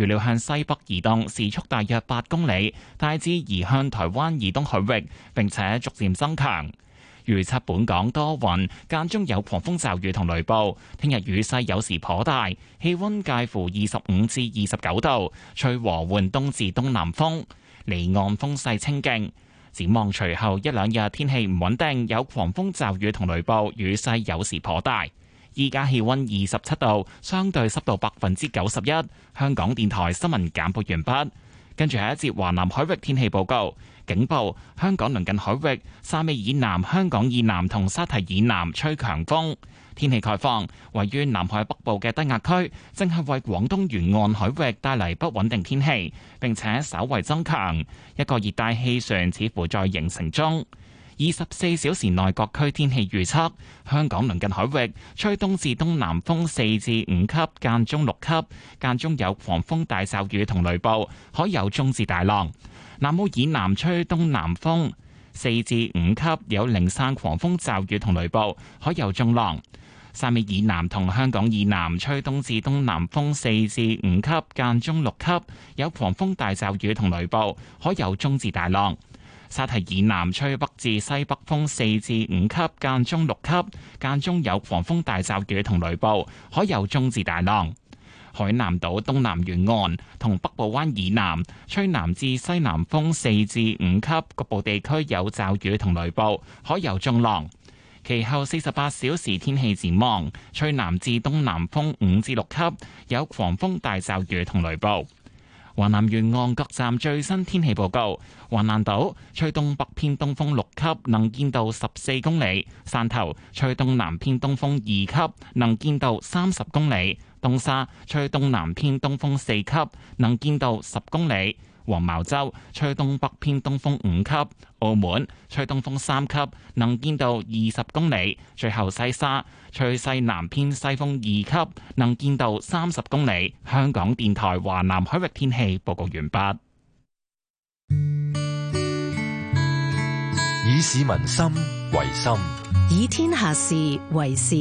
預料向西北移動，時速大約八公里，大致移向台灣以東海域，並且逐漸增強。預測本港多雲，間中有狂風驟雨同雷暴。聽日雨勢有時頗大，氣溫介乎二十五至二十九度，吹和緩東至東南風，離岸風勢清勁。展望隨後一兩日天，天氣唔穩定，有狂風驟雨同雷暴，雨勢有時頗大。依家氣温二十七度，相對濕度百分之九十一。香港電台新聞簡報完畢，跟住下一節華南海域天氣報告，警報：香港鄰近海域、汕尾以南、香港以南同沙堤以南吹強風。天氣概況：位於南海北部嘅低壓區正係為廣東沿岸海域帶嚟不穩定天氣，並且稍為增強。一個熱帶氣旋似乎在形成中。二十四小時內各區天氣預測：香港鄰近海域吹東至東南風四至五級，間中六級，間中有狂風大驟雨同雷暴，海有中至大浪。南澳以南吹東南風四至五級，有零散狂風驟雨同雷暴，海有中浪。汕尾以南同香港以南吹東至東南風四至五級，間中六級，有狂風大驟雨同雷暴，海有中至大浪。沙堤以南吹北至西北風四至五級，間中六級，間中有狂風大驟雨同雷暴，海有中至大浪。海南島東南沿岸同北部灣以南吹南至西南風四至五級，局部地區有驟雨同雷暴，海有中浪。其後四十八小時天氣展望，吹南至東南風五至六級，有狂風大驟雨同雷暴。華南沿岸各站最新天氣報告：華南島吹東北偏東風六級，能見到十四公里；汕頭吹東南偏東風二級，能見到三十公里；東沙吹東南偏東風四級，能見到十公里。黃茅洲吹東北偏東風五級，澳門吹東風三級，能見度二十公里。最後西沙吹西南偏西風二級，能見度三十公里。香港電台華南海域天氣報告完畢。以市民心為心，以天下事為事。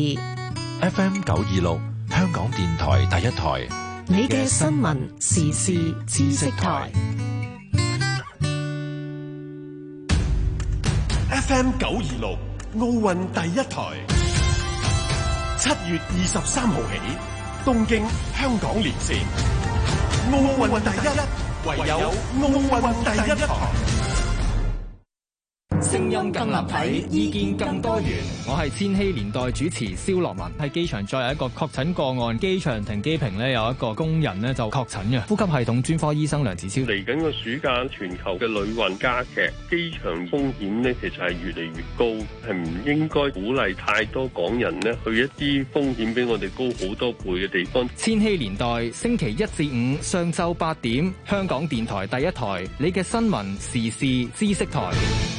FM 九二六，香港電台第一台。你嘅新聞時事知識台，FM 九二六奧運第一台，七月二十三號起，東京香港連線，奧運第一，唯有奧運第一台。音，音更立體，意見更多元。我係千禧年代主持蕭樂文，喺機場再有一個確診個案，機場停機坪呢，有一個工人呢就確診嘅呼吸系統專科醫生梁子超，嚟緊個暑假，全球嘅旅運加劇，機場風險呢，其實係越嚟越高，係唔應該鼓勵太多港人呢去一啲風險比我哋高好多倍嘅地方。千禧年代星期一至五上晝八點，香港電台第一台，你嘅新聞時事知識台。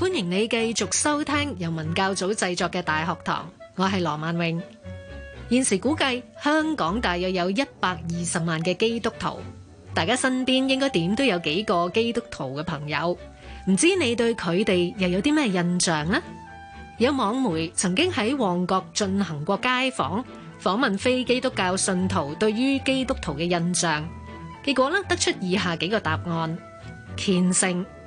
歡迎你繼續收聽由文教組製作嘅《大學堂》，我係羅萬榮。現時估計香港大約有一百二十萬嘅基督徒，大家身邊應該點都有幾個基督徒嘅朋友，唔知你對佢哋又有啲咩印象呢？有網媒曾經喺旺角進行過街訪，訪問非基督教信徒對於基督徒嘅印象，結果呢，得出以下幾個答案：虔誠。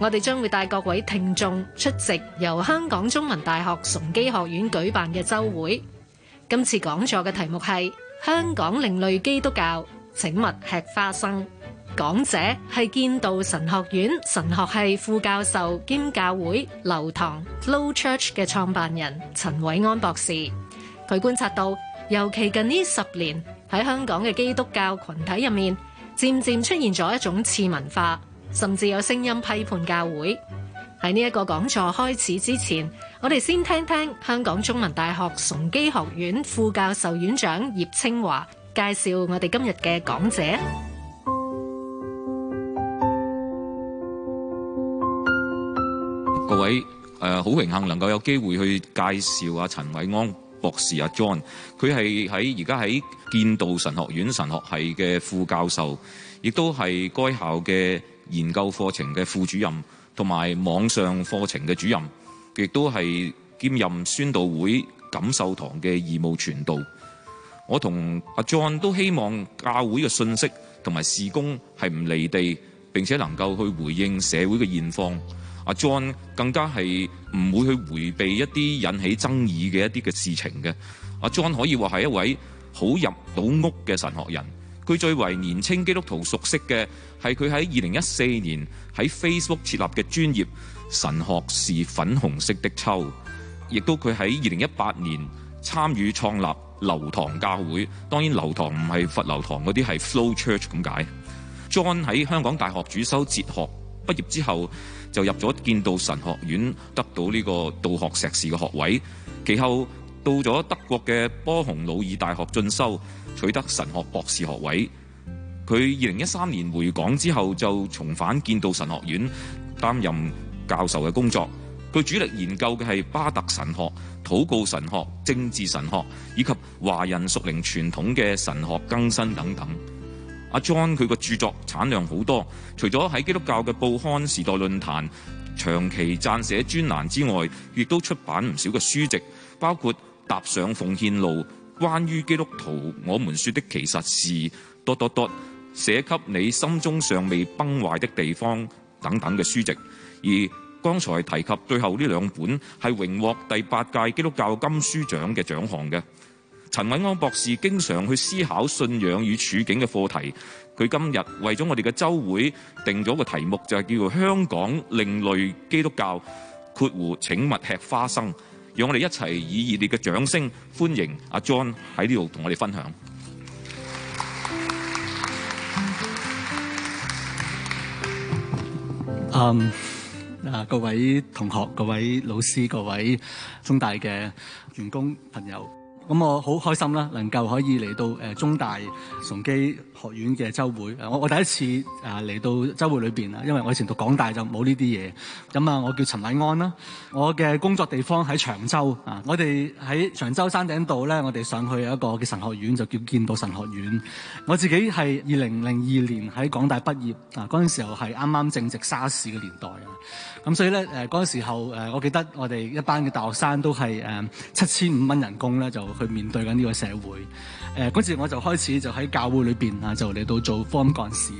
我哋將會帶各位聽眾出席由香港中文大學崇基學院舉辦嘅周會。今次講座嘅題目係《香港另類基督教，請勿吃花生》。講者係建道神學院神學系副教授兼教會流堂 Flow Church 嘅創辦人陳韋安博士。佢觀察到，尤其近呢十年喺香港嘅基督教群體入面，漸漸出現咗一種次文化。甚至有聲音批判教會喺呢一個講座開始之前，我哋先聽聽香港中文大學崇基學院副教授院長葉清華介紹我哋今日嘅講者。各位誒，好榮幸能夠有機會去介紹阿陳韋安博士阿 John，佢係喺而家喺建道神學院神學系嘅副教授，亦都係該校嘅。研究課程嘅副主任同埋網上課程嘅主任，亦都係兼任宣道會錦秀堂嘅義務傳道。我同阿 John 都希望教會嘅信息同埋事工係唔離地，並且能夠去回應社會嘅現況。阿 John 更加係唔會去迴避一啲引起爭議嘅一啲嘅事情嘅。阿 John 可以話係一位好入到屋嘅神學人。佢最為年輕基督徒熟悉嘅係佢喺二零一四年喺 Facebook 設立嘅專頁神學是粉紅色的秋，亦都佢喺二零一八年參與創立流堂教會。當然流堂唔係佛流堂嗰啲，係 Flow Church 咁解。John 喺香港大學主修哲學，畢業之後就入咗建道神學院，得到呢個道學碩士嘅學位，其後到咗德國嘅波洪魯爾大學進修，取得神學博士學位。佢二零一三年回港之後，就重返建道神學院擔任教授嘅工作。佢主力研究嘅係巴特神學、禱告神學、政治神學以及華人屬靈傳統嘅神學更新等等。阿 John 佢個著作產量好多，除咗喺基督教嘅報刊《時代論壇》長期撰寫專欄之外，亦都出版唔少嘅書籍，包括踏上奉獻路，關於基督徒，我們說的其實是《多多多》，寫給你心中尚未崩壞的地方等等嘅書籍。而剛才提及最後呢兩本係榮獲第八屆基督教金書獎嘅獎項嘅。陳韋安博士經常去思考信仰與處境嘅課題，佢今日為咗我哋嘅週會定咗個題目，就係、是、叫做《香港另類基督教》，括弧請勿吃花生。讓我哋一齊以熱烈嘅掌聲歡迎阿 John 喺呢度同我哋分享。嗯，嗱，各位同學、各位老師、各位中大嘅員工朋友。咁我好開心啦，能夠可以嚟到中大崇基學院嘅周會，我我第一次啊嚟到周會裏面，啦，因為我以前讀港大就冇呢啲嘢。咁啊，我叫陳韋安啦，我嘅工作地方喺長洲啊，我哋喺長洲山頂度咧，我哋上去有一個嘅神學院，就叫建道神學院。我自己係二零零二年喺港大畢業啊，嗰陣時候係啱啱正值沙士嘅年代啊，咁所以咧嗰陣時候我記得我哋一班嘅大學生都係誒七千五蚊人工咧就。去面對緊呢個社會，誒、呃、嗰時我就開始就喺教會裏面，啊，就嚟到做方幹事，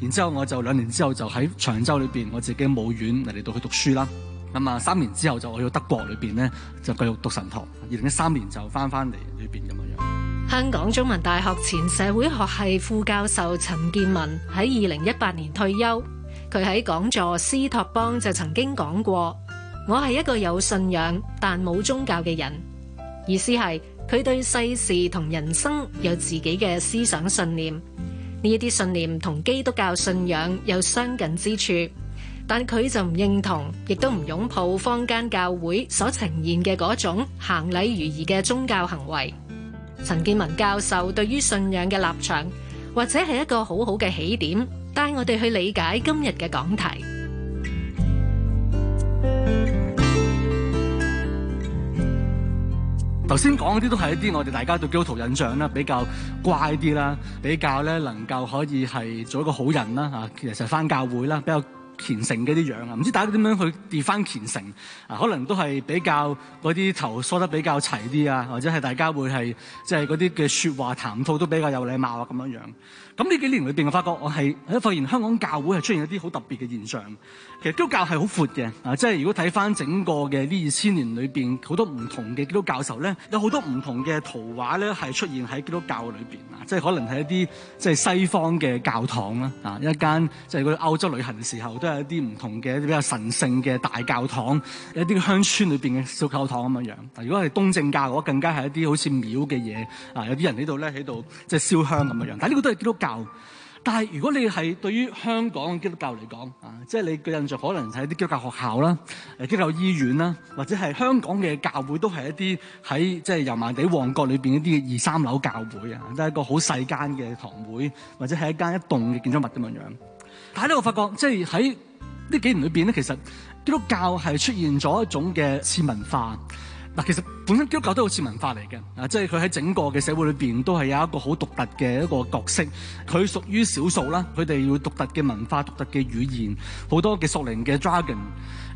然之後我就兩年之後就喺長洲裏面，我自己母院嚟到去讀書啦。咁、嗯、啊，三年之後就去到德國裏面呢，呢就繼續讀神學。二零一三年就翻翻嚟裏邊咁樣。香港中文大學前社會學系副教授陳健民喺二零一八年退休，佢喺講座思托邦就曾經講過：我係一個有信仰但冇宗教嘅人，意思係。佢對世事同人生有自己嘅思想信念，呢啲信念同基督教信仰有相近之處，但佢就唔認同，亦都唔擁抱坊間教會所呈現嘅嗰種行禮如儀嘅宗教行為。陳建文教授對於信仰嘅立場，或者係一個好好嘅起點，帶我哋去理解今日嘅講題。頭先講嗰啲都係一啲我哋大家對基督徒印象啦，比較乖啲啦，比較咧能夠可以係做一個好人啦，其實翻教會啦比較虔誠嘅啲樣啊，唔知大家點樣去跌翻虔誠啊？可能都係比較嗰啲頭梳得比較齊啲啊，或者係大家會係即係嗰啲嘅說話談吐都比較有禮貌啊咁樣樣。咁呢幾年裏面我發覺我係喺發現香港教會係出現一啲好特別嘅現象。其實基督教係好闊嘅，啊，即係如果睇翻整個嘅呢二千年裏面，好多唔同嘅基督教時候咧，有好多唔同嘅圖畫咧係出現喺基督教裏面。啊，即係可能係一啲即係西方嘅教堂啦，啊，一間即係去歐洲旅行嘅時候都係一啲唔同嘅一啲比較神聖嘅大教堂，一啲鄉村裏邊嘅小教堂咁樣。如果係東正教嘅話，更加係一啲好似廟嘅嘢啊，有啲人呢度咧喺度即係燒香咁樣。但係呢個都係基督教。但係如果你係對於香港基督教嚟講啊，即係你嘅印象可能係一啲基督教學校啦、基督教醫院啦，或者係香港嘅教會都係一啲喺即係油麻地旺角裏邊一啲二三樓教會啊，都係一個好細間嘅堂會，或者係一間一棟嘅建築物咁樣樣。但係咧，我發覺即係喺呢幾年裏邊咧，其實基督教係出現咗一種嘅次文化。嗱，其實本身基督教都好似次文化嚟嘅，啊，即係佢喺整個嘅社會裏面都係有一個好獨特嘅一個角色。佢屬於少數啦，佢哋要獨特嘅文化、獨特嘅語言，好多嘅屬靈嘅 dragon。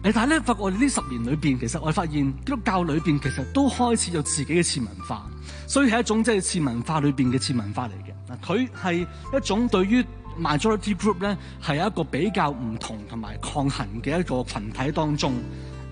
誒，但係咧，發覺我哋呢十年裏面，其實我發現基督教裏面其實都開始有自己嘅次文化，所以係一種即係次文化裏面嘅次文化嚟嘅。嗱，佢係一種對於 majority group 咧係一個比較唔同同埋抗衡嘅一個群體當中。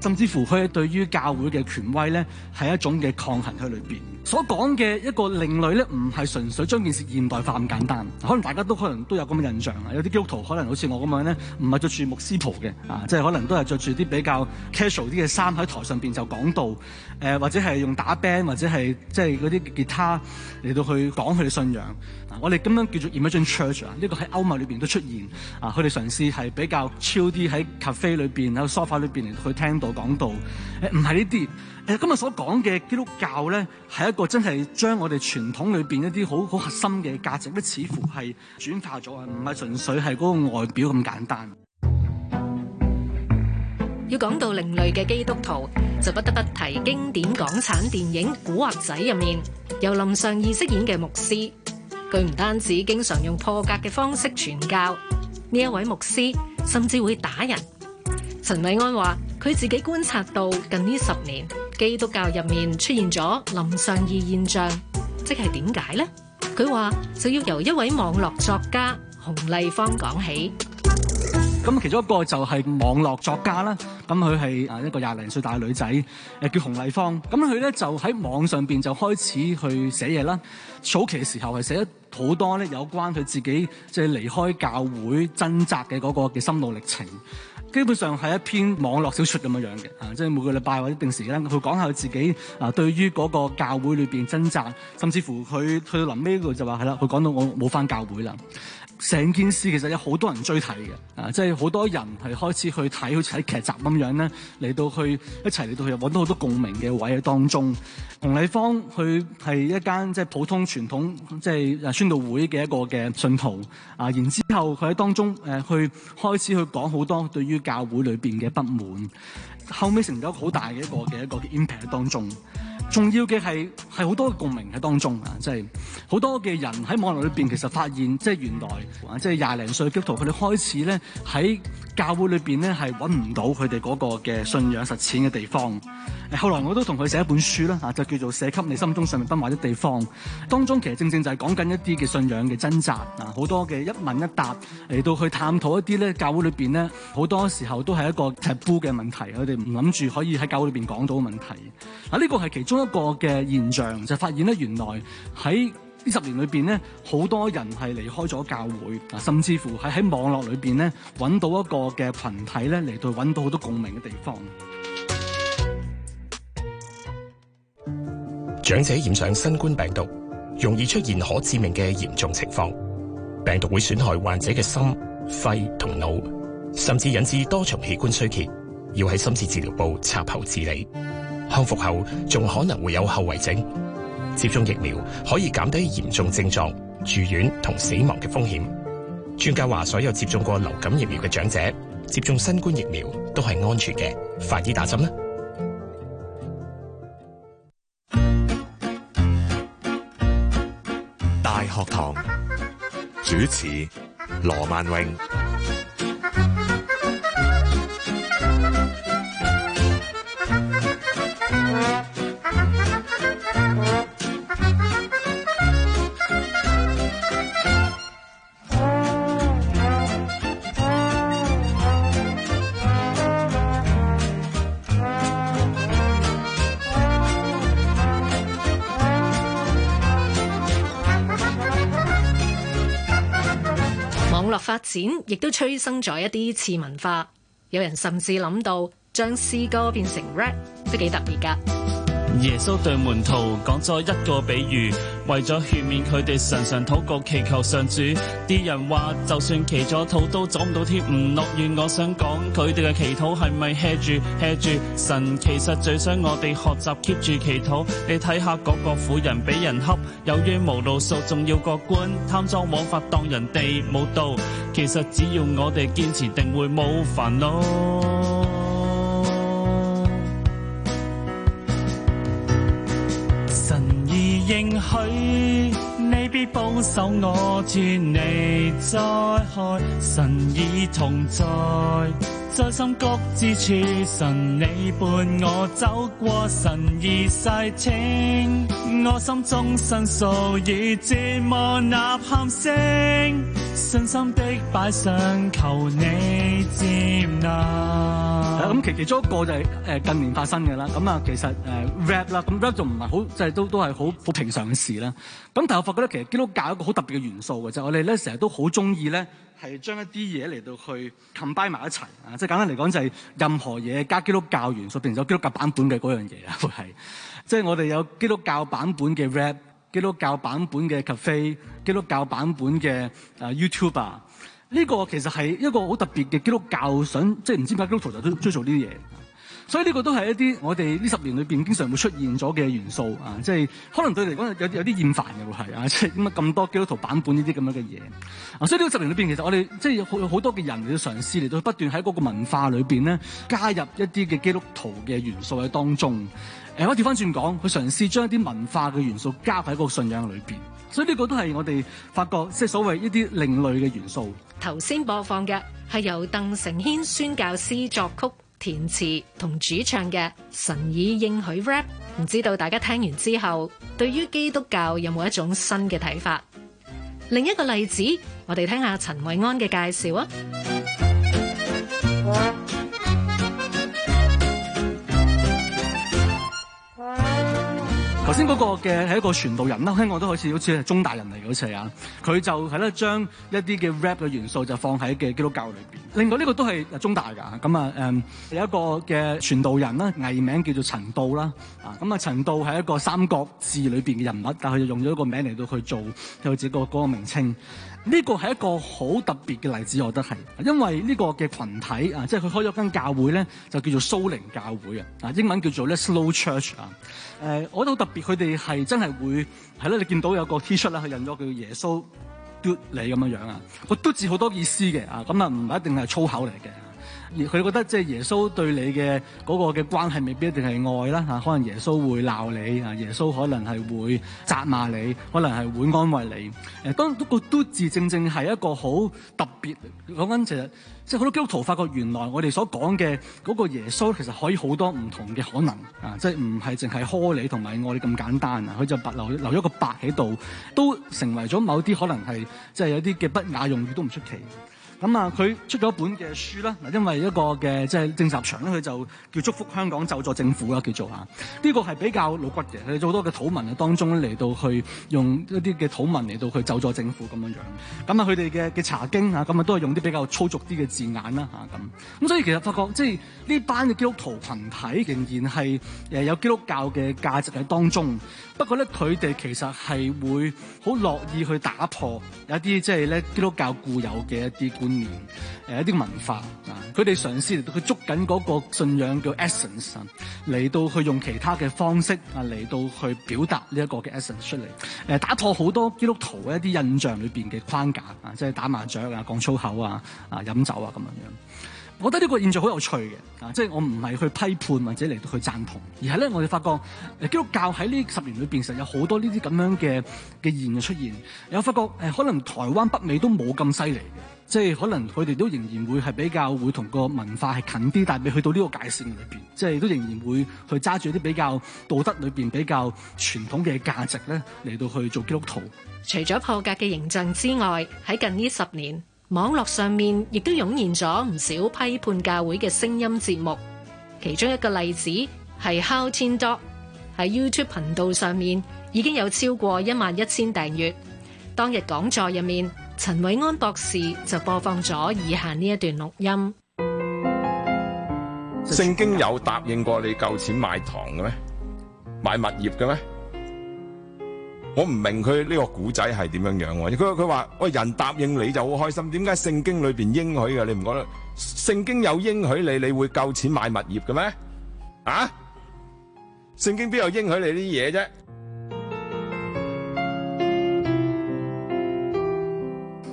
甚至乎佢對於教會嘅權威咧，係一種嘅抗衡喺裏邊。所講嘅一個另類咧，唔係純粹將件事現代化咁簡單。可能大家都可能都有咁嘅印象啊。有啲基督徒可能好似我咁樣咧，唔係着住牧師袍嘅啊，即係可能都係着住啲比較 casual 啲嘅衫喺台上邊就講道、呃。或者係用打 band 或者係即係嗰啲吉他嚟到去講佢哋信仰。啊、我哋咁樣叫做 emerging church 啊。呢個喺歐美裏面都出現啊。佢哋嘗試係比較超啲喺 cafe 裏面，喺 sofa 裏面嚟去聽到講道。唔係呢啲。誒今日所講嘅基督教呢，係一個真係將我哋傳統裏面一啲好好核心嘅價值，都似乎係轉化咗啊！唔係純粹係嗰個外表咁簡單。要講到另類嘅基督徒，就不得不提經典港產電影《古惑仔》入面由林尚義飾演嘅牧師。佢唔單止經常用破格嘅方式傳教，呢一位牧師甚至會打人。陳韋安話：佢自己觀察到近呢十年。基督教入面出現咗林上異現象，即係點解呢？佢話就要由一位網絡作家洪麗芳講起。咁其中一個就係網絡作家啦，咁佢係啊一個廿零歲大女仔，誒叫洪麗芳。咁佢咧就喺網上邊就開始去寫嘢啦。早期嘅時候係寫咗好多咧有關佢自己即係離開教會掙扎嘅嗰個嘅心路歷程。基本上係一篇網絡小説咁樣樣嘅。啊，即係每個禮拜或者定時間，佢講下佢自己啊，對於嗰個教會裏邊掙扎，甚至乎佢去到臨尾嗰度就話係啦，佢講到我冇返教會啦。成件事其實有好多人追睇嘅，啊，即係好多人係開始去睇，好似喺劇集咁樣咧，嚟到去一齊嚟到去搵到好多共鳴嘅位喺當中。洪麗芳佢係一間即係普通傳統即係、就是啊、宣道會嘅一個嘅信徒啊，然之後佢喺當中誒、啊、去開始去講好多對於教會裏邊嘅不滿，後尾成咗好大嘅一個嘅一個嘅 impact 當中。重要嘅係係好多嘅共鳴喺當中啊！即係好多嘅人喺網絡裏邊，其實發現即係原來即係廿零歲的基督徒佢哋開始咧喺教會裏邊咧係揾唔到佢哋個嘅信仰實踐嘅地方。誒，後來我都同佢寫一本書啦，啊，就叫做《寫給你心中神秘不滿的地方》。當中其實正正就係講緊一啲嘅信仰嘅掙扎啊，好多嘅一問一答嚟到去探討一啲咧教會裏邊咧好多時候都係一個 taboo 嘅問題，佢哋唔諗住可以喺教會裏邊講到嘅問題。啊，呢個係其中一個嘅現象就發現呢，原來喺呢十年裏邊呢，好多人係離開咗教會啊，甚至乎係喺網絡裏邊呢，揾到一個嘅群體呢嚟到揾到好多共鳴嘅地方。長者染上新冠病毒，容易出現可致命嘅嚴重情況，病毒會損害患者嘅心、肺同腦，甚至引致多重器官衰竭，要喺深切治療部插喉治理。康復後仲可能會有後遺症，接種疫苗可以減低嚴重症狀、住院同死亡嘅風險。專家話，所有接種過流感疫苗嘅長者接種新冠疫苗都係安全嘅，快啲打針啦！大學堂主持羅萬榮。亦都催生咗一啲次文化，有人甚至諗到將詩歌變成 rap，都幾特別㗎。耶穌對門徒講咗一個比喻，為咗勸勉佢哋常常禱告祈求上主。啲人話就算祈咗禱都走唔到天，唔落雨。我想講佢哋嘅祈禱係咪係住係住？是是神其實最想我哋學習 keep 住祈禱。你睇下嗰個婦人俾人恰，有冤無路訴，仲要個官貪贓枉法當人哋冇道。其實只要我哋堅持，定會冇煩惱。保守我脫離災害，神已同在，在深谷之處，神你伴我走過，神已細聽我心中申訴，已寂寞吶喊聲，信心的擺上，求你接納、啊。咁其其中一個就係、是呃、近年發生嘅啦，咁、嗯、啊其實 rap 啦，咁 rap 就唔係好，即係都都係好好平常嘅事啦。咁但我發覺其實基督教一個好特別嘅元素嘅就係、是、我哋咧成日都好中意咧係將一啲嘢嚟到去 combine 埋一齊啊！即係簡單嚟講就係任何嘢加基督教元素，變咗基督教版本嘅嗰樣嘢啊！會係即係我哋有基督教版本嘅 rap、就是、基督教版本嘅 cafe、基督教版本嘅、呃、YouTuber 呢個其實係一個好特別嘅基督教想，即係唔知點解基督徒就都追做呢啲嘢，所以呢個都係一啲我哋呢十年裏邊經常會出現咗嘅元素啊！即係可能對你嚟講有有啲厭煩嘅會係啊，即係咁啊咁多基督徒版本呢啲咁樣嘅嘢啊，所以呢個十年裏邊其實我哋即係好好多嘅人嚟到嘗試嚟到不斷喺嗰個文化裏邊咧加入一啲嘅基督徒嘅元素喺當中。誒、啊，我調翻轉講，佢嘗試將一啲文化嘅元素加喺嗰個信仰裏邊。所以呢個都係我哋發覺，即係所謂一啲另類嘅元素。頭先播放嘅係由鄧成軒宣教師作曲、填詞同主唱嘅《神已應許》rap，唔知道大家聽完之後，對於基督教有冇一種新嘅睇法？另一個例子，我哋聽下陳韋安嘅介紹啊。 頭先嗰個嘅係一個傳道人啦，香港都好似好似係中大人嚟嘅好似係啊，佢就係咧將一啲嘅 rap 嘅元素就放喺嘅基督教裏邊。另外呢個都係中大㗎，咁啊誒有一個嘅傳道人啦，藝名叫做陳道啦，啊咁啊陳道係一個《三國志》裏邊嘅人物，但佢就用咗一個名嚟到去做佢自己個嗰個名稱。呢個係一個好特別嘅例子，我覺得係，因為呢個嘅群體啊，即係佢開咗間教會咧，就叫做蘇寧教會啊，啊英文叫做咧 Slow Church 啊，誒我覺得好特別，佢哋係真係會係啦，你見到有個 T-shirt 啦，佢印咗叫耶穌 do 你咁樣樣啊，個 do 字好多意思嘅啊，咁啊唔一定係粗口嚟嘅。佢覺得即係耶穌對你嘅嗰個嘅關係未必一定係愛啦吓，可能耶穌會鬧你啊，耶穌可能係會責罵你，可能係會安慰你。誒，當然個都，都，都字正正係一個好特別講緊，其實即係好多基督徒發覺，原來我哋所講嘅嗰個耶穌其實可以好多唔同嘅可能啊，即係唔係淨係呵你同埋愛你咁簡單啊，佢就留留咗個「白」喺度，都成為咗某啲可能係即係有啲嘅不雅用語都唔出奇。咁啊，佢出咗一本嘅書啦。嗱，因為一個嘅即係政治立場咧，佢就叫祝福香港就助政府啦，叫做嚇。呢、這個係比較老骨嘅，佢哋好多嘅土民啊，當中咧嚟到去用一啲嘅土民嚟到去就助政府咁樣樣。咁啊，佢哋嘅嘅查經啊，咁啊都係用啲比較粗俗啲嘅字眼啦咁。咁、啊、所以其實發覺即係呢班嘅基督徒群體仍然係有基督教嘅價值喺當中。不過咧，佢哋其實係會好樂意去打破一啲即係咧基督教固有嘅一啲觀念，呃、一啲文化啊。佢哋嘗試嚟到去捉緊嗰個信仰叫 essence 嚟、啊、到去用其他嘅方式啊嚟到去表達呢一個嘅 essence 出嚟、啊，打破好多基督徒一啲印象裏面嘅框架啊，即係打麻雀啊、講粗口啊、啊飲酒啊咁樣。我覺得呢個現象好有趣嘅，啊，即係我唔係去批判或者嚟到去贊同，而係咧我哋發覺，基督教喺呢十年裏邊實有好多呢啲咁樣嘅嘅現象出現，有發覺誒，可能台灣北美都冇咁犀利嘅，即係可能佢哋都仍然會係比較會同個文化係近啲，但係未去到呢個界線裏邊，即係都仍然會去揸住啲比較道德裏邊比較傳統嘅價值咧嚟到去做基督徒。除咗破格嘅認證之外，喺近呢十年。網絡上面亦都湧現咗唔少批判教會嘅聲音節目，其中一個例子係 HowTinDog，喺 YouTube 頻道上面已經有超過一萬一千訂閱。當日講座入面，陳韋安博士就播放咗以下呢一段錄音：聖經有答應過你夠錢買堂嘅咩？買物業嘅咩？我唔明佢呢個古仔係點樣樣，佢佢話，喂，人答應你就好開心，點解聖經裏邊應許嘅你唔覺得？聖經有應許你，你會夠錢買物業嘅咩？啊？聖經邊有應許你呢啲嘢啫？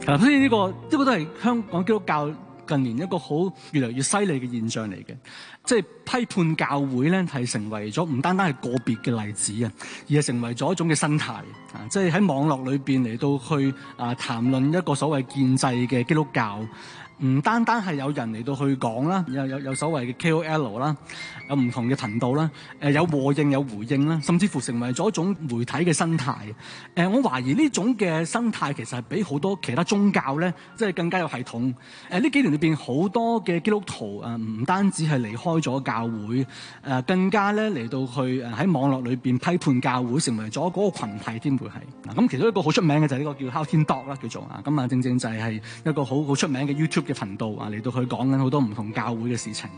嗱，所以呢個呢個都係香港基督教。近年一個好越嚟越犀利嘅現象嚟嘅，即係批判教會咧，係成為咗唔單單係個別嘅例子啊，而係成為咗一種嘅生態啊，即係喺網絡裏邊嚟到去啊談論一個所謂建制嘅基督教。唔單單係有人嚟到去講啦，有有有所謂嘅 KOL 啦，有唔同嘅頻道啦，誒有和應有回應啦，甚至乎成為咗一種媒體嘅生態誒、呃、我懷疑呢種嘅生態其實係比好多其他宗教咧，即係更加有系統誒呢、呃、幾年裏邊好多嘅基督徒啊唔、呃、單止係離開咗教會誒、呃、更加咧嚟到去喺、呃、網絡裏邊批判教會成為咗個群體添，會係嗱，咁其中一個好出名嘅就係呢個叫 HowTinDog 啦叫做啊，咁啊正正就係一個好好出名嘅 YouTube，頻道啊，嚟到佢講緊好多唔同教會嘅事情。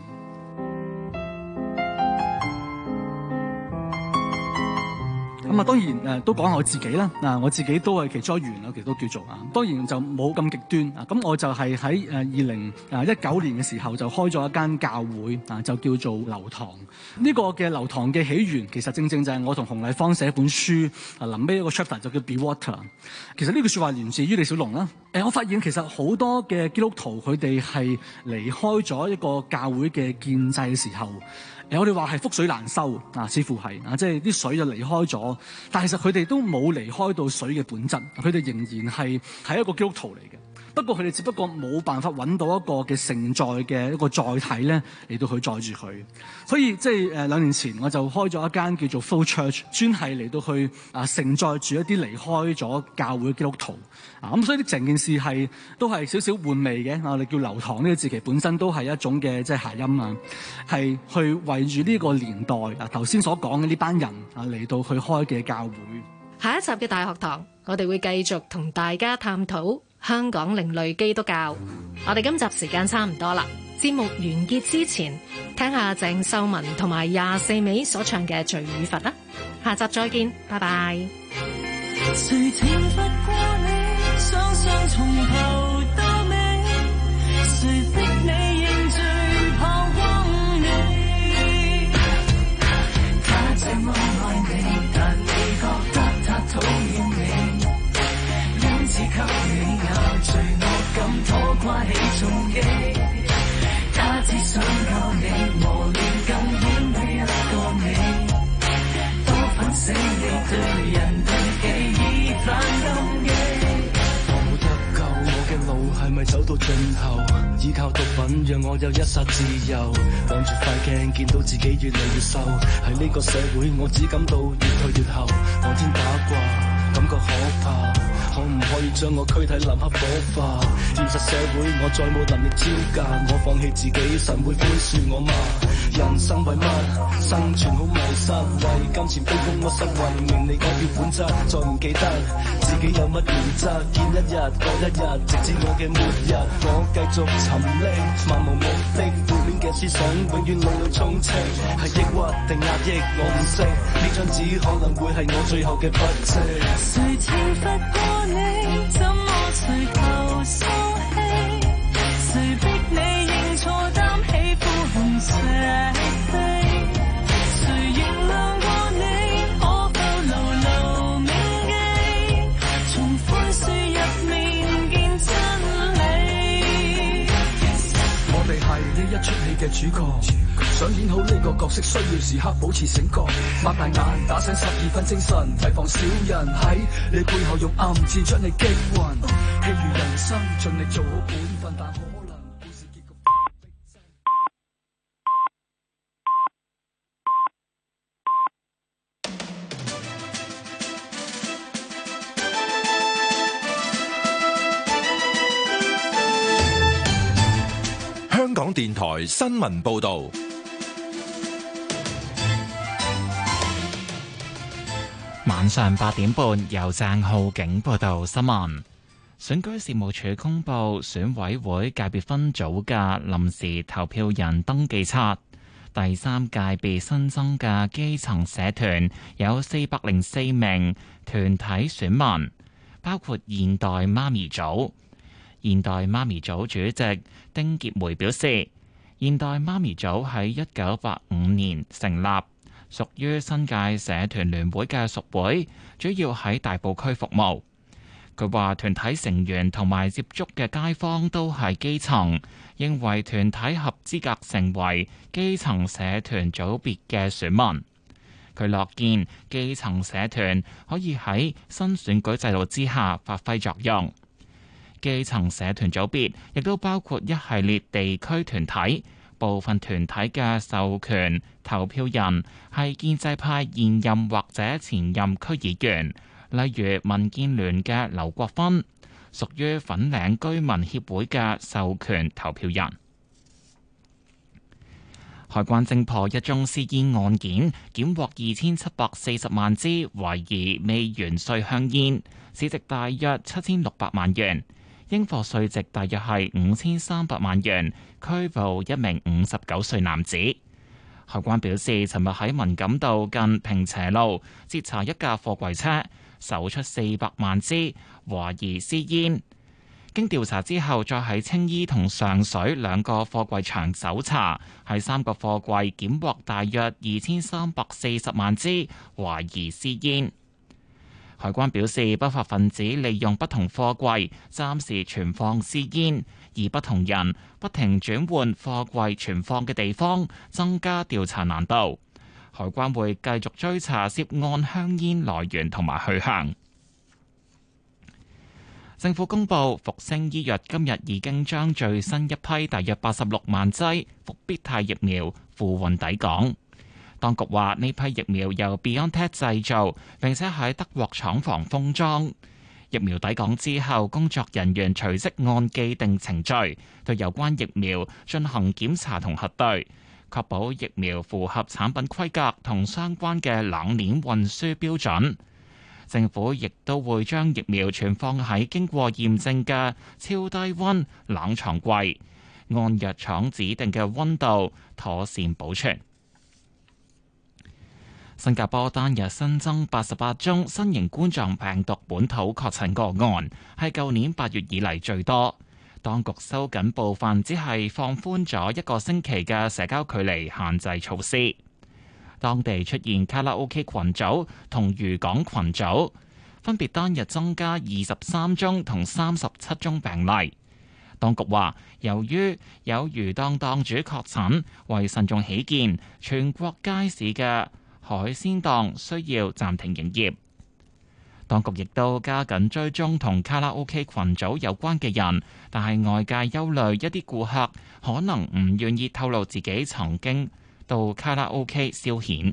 咁啊，當然誒都講下我自己啦。嗱，我自己都係其中一員啦，其實都叫做啊。當然就冇咁極端啊。咁我就係喺誒二零啊一九年嘅時候就開咗一間教會啊，就叫做流堂。呢個嘅流堂嘅起源，其實正正就係我同洪麗芳寫本書啊，臨尾一個 chapter 就叫 Be Water。其實呢句說話源自於李小龍啦。誒，我發現其實好多嘅基督徒佢哋係離開咗一個教會嘅建制嘅時候。有我哋話係覆水難收啊，似乎係啊，即係啲水就離開咗，但係其實佢哋都冇離開到水嘅本質，佢哋仍然係係一個基督徒嚟嘅。不過佢哋只不過冇辦法揾到一個嘅承載嘅一個載體咧，嚟到去載住佢，所以即係誒兩年前我就開咗一間叫做 Full Church，專係嚟到去啊承載住一啲離開咗教會嘅基督徒啊，咁所以啲成件事係都係少少玩味嘅啊。我哋叫流堂呢個字詞本身都係一種嘅即係諧音啊，係去圍住呢個年代啊頭先所講嘅呢班人啊嚟到去開嘅教會。下一集嘅大學堂，我哋會繼續同大家探討。香港另類基督教，我哋今集時間差唔多啦，節目完結之前，聽下鄭秀文同埋廿四味所唱嘅《罪與罰》啦，下集再見，拜拜。瓜重擊，他只想有你，我戀更完美一個你。多狠心你對人對己，以反攻擊。我冇得救，我嘅路係咪走到盡頭？依靠毒品讓我有一剎自由。望住塊鏡，見到自己越嚟越瘦。喺呢個社會，我只感到越退越後。望天打卦，感覺可怕。可唔可以將我軀體立刻火化？現實社會我再冇能力招架，我放棄自己，神會寬恕我嗎？人生為乜？生存好迷失，為金錢卑躬屈膝，為名利改變本質，再唔記得自己有乜原則。見一日過一日，直至我嘅末日，我繼續沉溺，漫無目的負面嘅思想，永遠腦裏冲情，係抑鬱定壓抑我唔識？呢張紙可能會係我最後嘅筆跡。嘅主角，想演好呢個角色，需要時刻保持醒覺，擘大眼，打醒十二分精神，提防小人喺你背後用暗箭將你擊暈，譬如人生，盡力做好本分。台新聞報道，晚上八點半由鄭浩景報道新聞。選舉事務處公布選委會界別分組嘅臨時投票人登記冊，第三屆被新增嘅基層社團有四百零四名團體選民，包括現代媽咪組。現代媽咪組主席丁潔梅表示。現代媽咪組喺一九八五年成立，屬於新界社團聯會嘅屬會，主要喺大埔區服務。佢話團體成員同埋接觸嘅街坊都係基層，認為團體合資格成為基層社團組別嘅選民。佢樂見基層社團可以喺新選舉制度之下發揮作用。基層社團組別亦都包括一系列地區團體。部分團體嘅授權投票人係建制派現任或者前任區議員，例如民建聯嘅劉國勳，屬於粉嶺居民協會嘅授權投票人。海關偵破一宗私煙案件，檢獲二千七百四十萬支懷疑未完稅香煙，市值大約七千六百萬元。應貨稅值大約係五千三百萬元，拘捕一名五十九歲男子。海關表示，尋日喺文錦道近平斜路截查一架貨櫃車，搜出四百萬支懷疑私煙。經調查之後，再喺青衣同上水兩個貨櫃場搜查，喺三個貨櫃檢獲大約二千三百四十萬支懷疑私煙。海關表示，不法分子利用不同貨櫃暫時存放私煙，而不同人不停轉換貨櫃存放嘅地方，增加調查難度。海關會繼續追查涉案香煙來源同埋去向。政府公布，復星醫藥今日已經將最新一批大約八十六萬劑復必泰疫苗付運抵港。當局話，呢批疫苗由 BioNTech 製造，並且喺德國廠房封裝。疫苗抵港之後，工作人員隨即按既定程序對有關疫苗進行檢查同核對，確保疫苗符合產品規格同相關嘅冷鏈運輸標準。政府亦都會將疫苗存放喺經過驗證嘅超低温冷藏櫃，按藥廠指定嘅温度妥善保存。新加坡單日新增八十八宗新型冠狀病毒本土確診個案，係舊年八月以嚟最多。當局收緊部分，只係放寬咗一個星期嘅社交距離限制措施。當地出現卡拉 OK 群組同漁港群組，分別單日增加二十三宗同三十七宗病例。當局話，由於有漁檔檔主確診，為慎重起見，全國街市嘅海鮮檔需要暫停營業，當局亦都加緊追蹤同卡拉 OK 群組有關嘅人，但係外界憂慮一啲顧客可能唔願意透露自己曾經到卡拉 OK 消遣。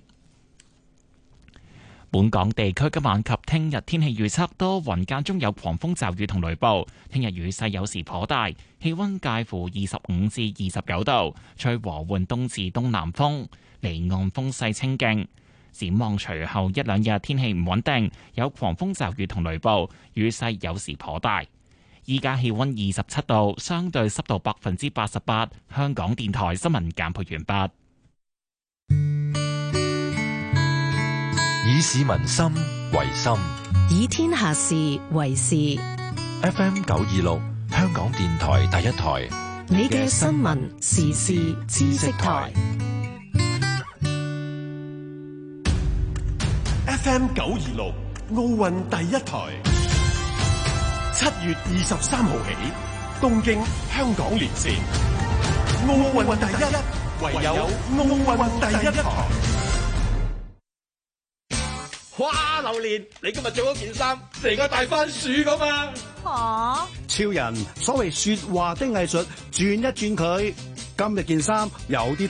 本港地區今晚及聽日天氣預測，多雲間中有狂風驟雨同雷暴，聽日雨勢有時頗大，氣溫介乎二十五至二十九度，吹和緩東至東南風，離岸風勢清勁。展望隨後一兩日天氣唔穩定，有狂風驟雨同雷暴，雨勢有時頗大。依家氣溫二十七度，相對濕度百分之八十八。香港電台新聞簡報完畢。以市民心為心，以天下事為事。FM 九二六，香港電台第一台，你嘅新聞時事知識台。M 九二六奧運第一台，七月二十三號起，東京香港連線，奧運第一，唯有奧運第一台。哇，榴槤，你今日着咗件衫，成個大番薯咁啊！哦，超人，所謂說話的藝術，轉一轉佢，今日件衫有啲。